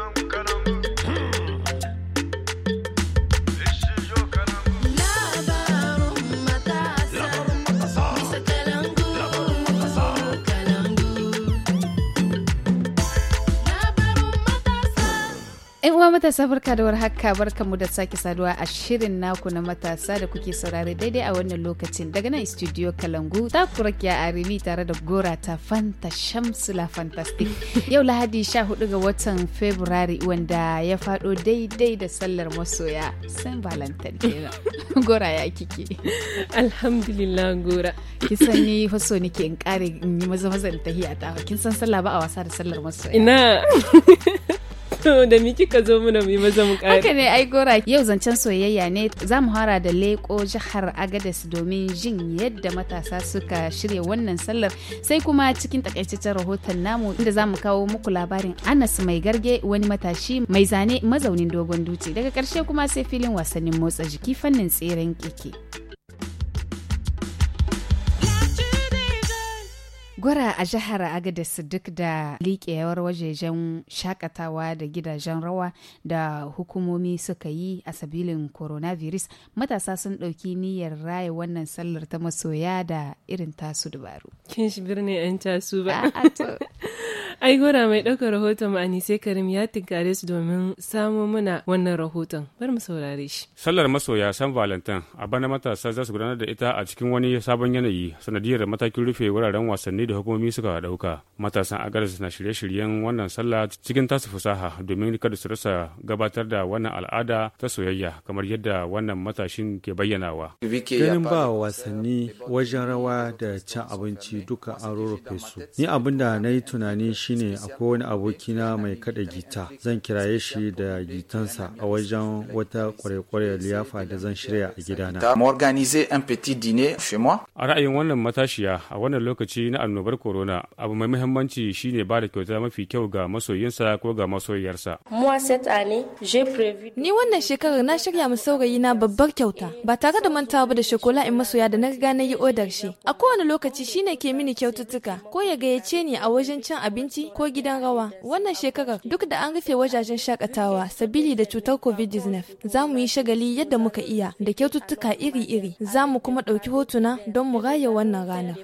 Adam. 'Yan uwa matasa barka da warhaka mu da sake saduwa a shirin naku na matasa da kuke saurare daidai a wannan lokacin daga nan studio Kalangu ta kurakiya Arimi tare da Gora ta Fanta Shamsula Fantastic. Yau Lahadi 14 ga watan February wanda ya fado daidai da sallar masoya San Valentine Gora ya kike. Alhamdulillah Gora. Kin san ni faso nake in kare in yi maza maza tahiya ta. Kin san sallah ba a wasa da sallar masoya. Ina. da miki ka zo mu da mu maza mu kare haka ne ai gora yau zancen soyayya ne za mu fara da leko jihar agadez domin jin yadda matasa suka shirya wannan sallar sai kuma cikin takaitaccen rahoton namu inda za mu kawo muku labarin anas mai garge wani matashi mai zane mazaunin dogon dutse daga karshe kuma sai filin wasannin motsa jiki fannin tseren keke. Gwara a jihar Agadez duk da liƙewar wajejen shakatawa da gidajen rawa da hukumomi suka yi a sabilin coronavirus matasa sun ɗauki niyyar raya wannan sallar ta masoya da irin tasu dubaru. Kin shi birni 'yan tasu ba. Ai gora mai ɗaukar rahoton Anise Karim ya tinkare su domin samo muna wannan rahoton. Bari mu saurare shi. Sallar masoya San Valentin a bana matasa za su gudanar da ita a cikin wani sabon yanayi sanadiyar matakin rufe wuraren wasanni da hukumomi suka ɗauka. Matasan agaris na shirye-shiryen wannan sallah cikin tasu fasaha domin kada su rasa gabatar da wannan al'ada ta soyayya kamar yadda wannan matashin ke bayyanawa. Ganin ba wasanni wajen rawa da cin abinci duka an rurrufe su. Ni abin da na yi tunani shi shine akwai wani abokina mai kada gita zan kiraye shi da gitansa a wajen wata kwarekwarar liyafa da zan shirya a gidana a ra'ayin wannan matashiya a wannan lokaci na annobar corona abu mai muhimmanci shine ba da kyauta mafi kyau ga masoyinsa ko ga masoyiyarsa ni wannan shekarar na shirya mu saurayi na babbar kyauta ba tare da mantawa ba da shokola in masoya da na riga na yi odar shi a kowane lokaci shine ke mini kyaututtuka ko ya gayyace ni a wajen cin abinci asibiti ko gidan rawa. Wannan shekarar duk da an rufe wajajen shakatawa sabili da cutar COVID-19 za mu yi shagali yadda muka iya da kyaututtuka iri-iri za mu kuma ɗauki hotuna don mu raya wannan ranar.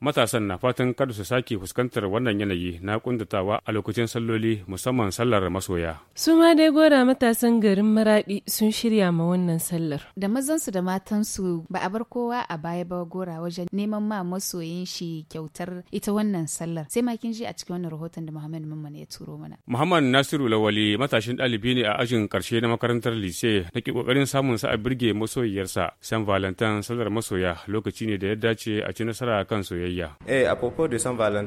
matasan na fatan kada su sake fuskantar wannan yanayi na kundatawa a lokacin salloli musamman sallar masoya. su ma dai gora matasan garin maraɗi sun shirya ma wannan sallar. da mazansu da matansu ba a bar kowa a baya ba gora wajen neman ma masoyin shi kyautar ita wannan sallar sai ma kin ji a cikin wannan rahoton da muhammad mamman ya turo mana. muhammad nasiru lawali matashin ɗalibi ne a ajin karshe na makarantar lise na ke kokarin samun sa a birge masoyiyarsa san valentin sallar masoya lokaci ne da ya dace a ci nasara kan soyayya. soyayya. Eh,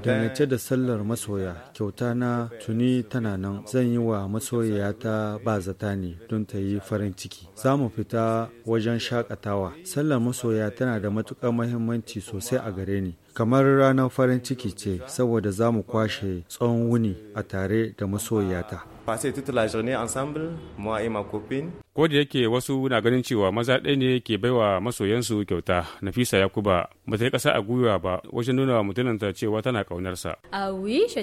Dangance da sallar masoya, kyauta na tuni tana nan zan yi wa masoyiya ta ba zata ne don ta yi farin ciki. Za mu fita wajen shakatawa. Sallar masoya tana da matuƙar muhimmanci sosai a gare ni. Kamar ranar farin ciki ce saboda za mu kwashe tsawon wuni a tare da masoyata. passé toute la journée ensemble, moi et ma copine. Ko da yake wasu na ganin cewa maza ɗaya ne ke baiwa masoyansu kyauta, Nafisa Yakuba ba ta yi ƙasa a gwiwa ba wajen nuna wa mutunanta cewa tana ƙaunarsa.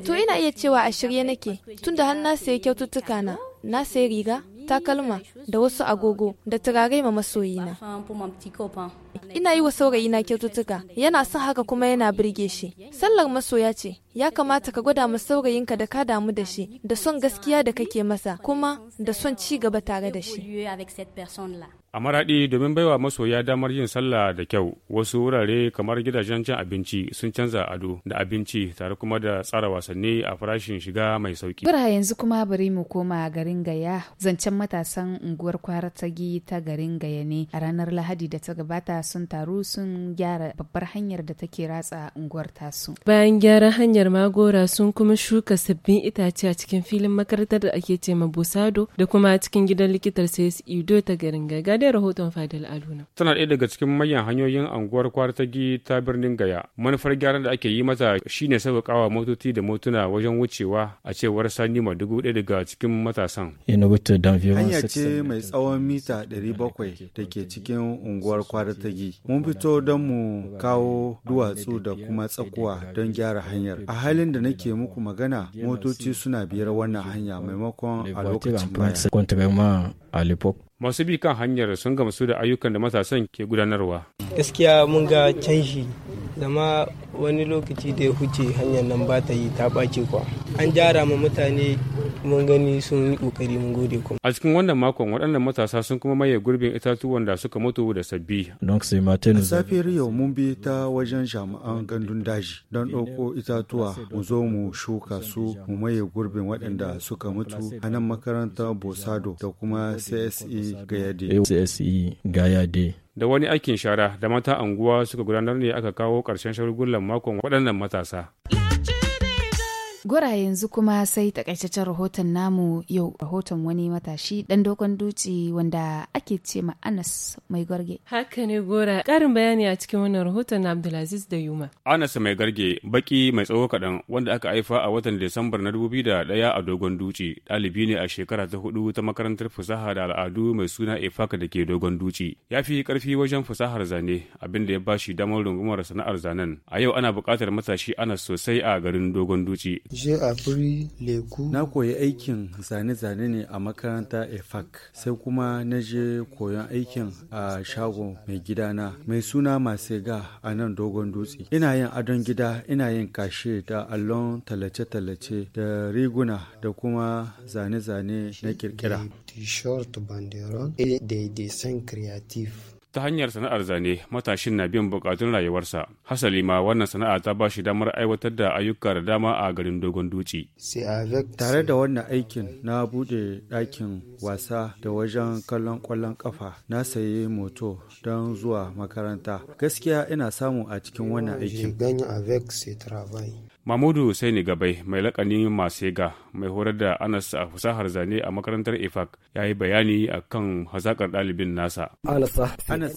To ina iya cewa a shirye nake, tunda har na sayi kyaututtuka na, na sayi riga, takalma da wasu agogo da turare ma masoyina. Ina yi wa saurayina kyaututtuka, yana son haka kuma yana birge shi. Sallar masoya ce, ya kamata ka gwada ma saurayinka da ka damu da shi, da son gaskiya da kake masa, kuma da son ci gaba tare da shi. a maraɗi domin baiwa masoya damar yin sallah da kyau wasu wurare kamar gidajen cin abinci sun canza ado da abinci tare kuma da tsara wasanni a farashin shiga mai sauki bura yanzu kuma bari mu koma garin gaya zancen matasan unguwar kwara tagi ta garin gaya ne a ranar lahadi da ta gabata sun taru sun gyara babbar hanyar da take ratsa unguwar tasu bayan gyaran hanyar magora sun kuma shuka sabbin itace a cikin filin makarantar da ake ce busado da kuma cikin gidan likitar sai ido ta garin gaya. dai rahoton Fadil Aluna. Tana ɗaya daga cikin manyan hanyoyin anguwar Kwartagi ta birnin Gaya. Manufar gyaran da ake yi mata shine sauƙaƙawa motoci da motuna wajen wucewa a cewar Sani Madugu ɗaya daga cikin matasan. Hanya ce mai tsawon mita 700 da ke cikin unguwar Kwartagi. Mun fito don mu kawo duwatsu da kuma tsakuwa don gyara hanyar. A halin da nake muku magana motoci suna biyar wannan hanya maimakon a lokacin baya. Masu bi kan hanyar sun gamsu da ayyukan da matasan ke gudanarwa. Gaskiya mun ga canji zama wani lokaci da ya huce hanyar nan ba ta yi ta ɓace kwa an jara ma mutane mun gani sun yi kokari mun gode kuma a cikin wannan makon waɗannan matasa sun kuma maye gurbin itatuwan da suka mutu da sabbi don safiyar yau mun bi ta wajen jami'an gandun daji don ɗauko itatuwa mu zo mu shuka su mu maye gurbin waɗanda suka mutu a nan makarantar bosado da kuma cse gayade cse gayade da wani aikin shara da mata anguwa suka gudanar ne aka kawo ƙarshen shagulgulan makon waɗannan matasa. Gora yanzu kuma sai takaitaccen rahoton namu yau rahoton wani matashi dan dogon duci wanda ake ce ma Anas mai garge. Haka ne Gora, karin bayani a cikin wannan rahoton na Abdulaziz da Yuma. Anas mai garge baki mai tsawo kaɗan wanda aka haifa a watan Disambar na 2001 a dogon duci, ɗalibi ne a shekara ta hudu ta makarantar fasaha da al'adu mai suna Efaka da ke dogon duci. Ya fi karfi wajen fasahar zane abinda ya bashi damar rungumar sana'ar zanen. A yau ana buƙatar matashi Anas sosai a garin dogon duci. Na koyi aikin zane-zane ne a makaranta efak sai kuma na je koyon aikin a shago mai gida na mai suna Masega a nan Dogon Dutse. Ina yin adon gida, ina yin kashe da allon tallace-tallace da riguna da kuma zane-zane na kirkira. ta hanyar sana'ar zane matashin na bin bukatun rayuwarsa hasali ma wannan sana'a ta ba shi damar aiwatar da ayyuka da dama a garin dogon duci tare da wannan aikin na bude ɗakin wasa da wajen kallon kwallon kafa na sayi moto don zuwa makaranta gaskiya ina samu a cikin wannan aikin Mamudu Saini Gabai mai lakanin Masega mai horar da Anas a fasahar zane a makarantar IFAC ya yi bayani a kan hazaƙar ɗalibin nasa. Anas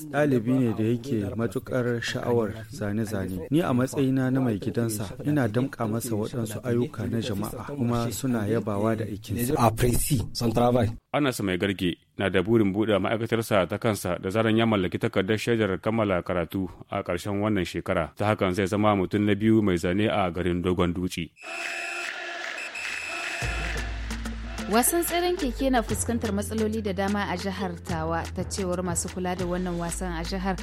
ɗalibi ne da yake matukar sha'awar zane-zane. Ni a matsayina na mai gidansa ina damƙa masa waɗansu ayyuka na jama'a kuma suna yabawa da ikinsa. Anas mai garge na da burin buɗe ma'aikatarsa ta kansa da zaran ya mallaki takardar shaidar kammala karatu a ƙarshen wannan shekara ta hakan zai zama mutum na biyu mai zane a garin dogon dutse. Wasan tseren keke na fuskantar matsaloli da dama a jihar Tawa ta cewar masu kula da wannan wasan a jihar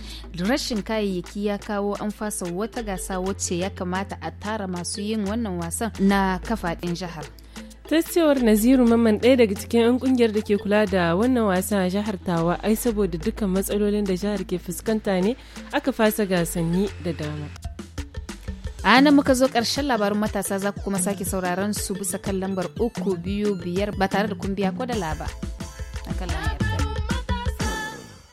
rashin kayayyaki ya kawo an fasa wata gasa wacce ya kamata a tara masu yin wannan wasan na kafaɗin jihar. Tasiyar naziru mamman ɗaya daga cikin 'yan kungiyar da ke kula da wannan wasa a jihar tawa ai saboda dukkan matsalolin da jihar ke fuskanta ne aka fasa gasanni da dama a nan muka zo ƙarshen labarin matasa za ku kuma sake sauraron su bisa kan lambar uku biyu biyar ba tare da kun biya ko da laba